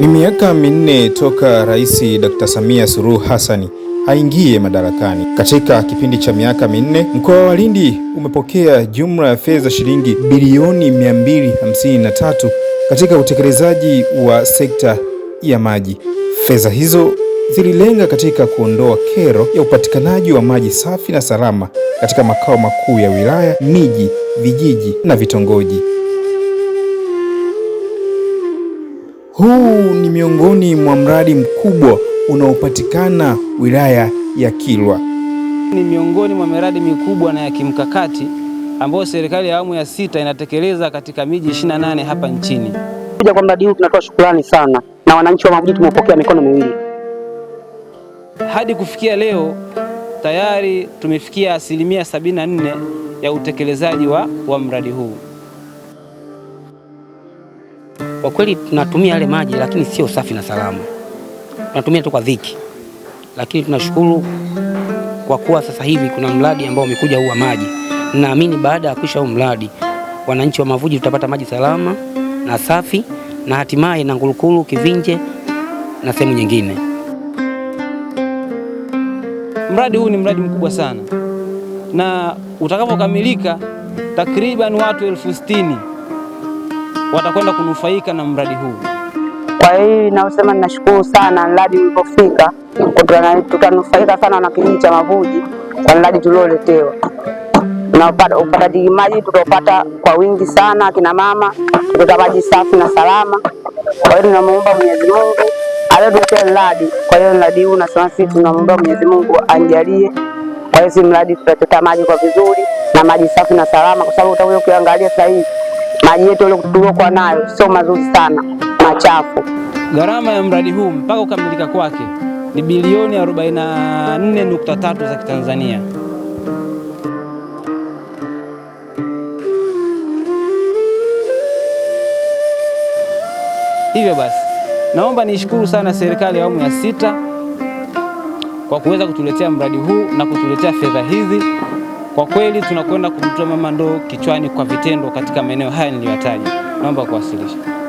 Ni miaka minne toka Rais Dr. Samia Suluhu Hassan aingie madarakani. Katika kipindi cha miaka minne, mkoa wa Lindi umepokea jumla ya fedha shilingi bilioni 253 katika utekelezaji wa sekta ya maji. Fedha hizo zililenga katika kuondoa kero ya upatikanaji wa maji safi na salama katika makao makuu ya wilaya, miji, vijiji na vitongoji. Huu ni miongoni mwa mradi mkubwa unaopatikana wilaya ya Kilwa. Ni miongoni mwa miradi mikubwa na ya kimkakati ambayo serikali ya awamu ya sita inatekeleza katika miji 28 hapa nchini. Kuja kwa mradi huu tunatoa shukrani sana, na wananchi wa Mavuji tumepokea mikono miwili. Hadi kufikia leo tayari tumefikia asilimia 74 ya utekelezaji wa, wa mradi huu. Kwa kweli tunatumia yale maji, lakini sio safi na salama, tunatumia tu kwa dhiki, lakini tunashukuru kwa kuwa sasa hivi kuna mradi ambao umekuja huu wa maji. Naamini baada ya kuisha huu mradi, wananchi wa Mavuji tutapata maji salama na safi na hatimaye na Ngulukulu, Kivinje na sehemu nyingine. Mradi huu ni mradi mkubwa sana na utakapokamilika takriban watu elfu sitini watakwenda kunufaika na mradi huu. Kwa hii naosema ninashukuru sana mradi ulipofika, tutanufaika sana na kijiji cha Mavuji kwa mradi tulioletewa na upataji maji tutaupata kwa wingi sana, akina mama tutapata maji safi na salama. Kwa hiyo tunamuomba Mwenyezi Mungu aliyetuletea mradi. Kwa hiyo mradi huu nasema sisi tunamuomba Mwenyezi Mungu anjalie kwa hizi mradi tutapata maji kwa vizuri na maji safi na salama, kwa sababu utakuja ukiangalia sasa hivi maji yetu tuliokuwa nayo sio mazuri sana, machafu. Gharama ya mradi huu mpaka kukamilika kwake ni bilioni 44.3 za Kitanzania. Hivyo basi, naomba niishukuru sana serikali ya awamu ya sita kwa kuweza kutuletea mradi huu na kutuletea fedha hizi. Kwa kweli tunakwenda kumtoa mama ndoo kichwani kwa vitendo katika maeneo haya niliyotaja. Naomba kuwasilisha.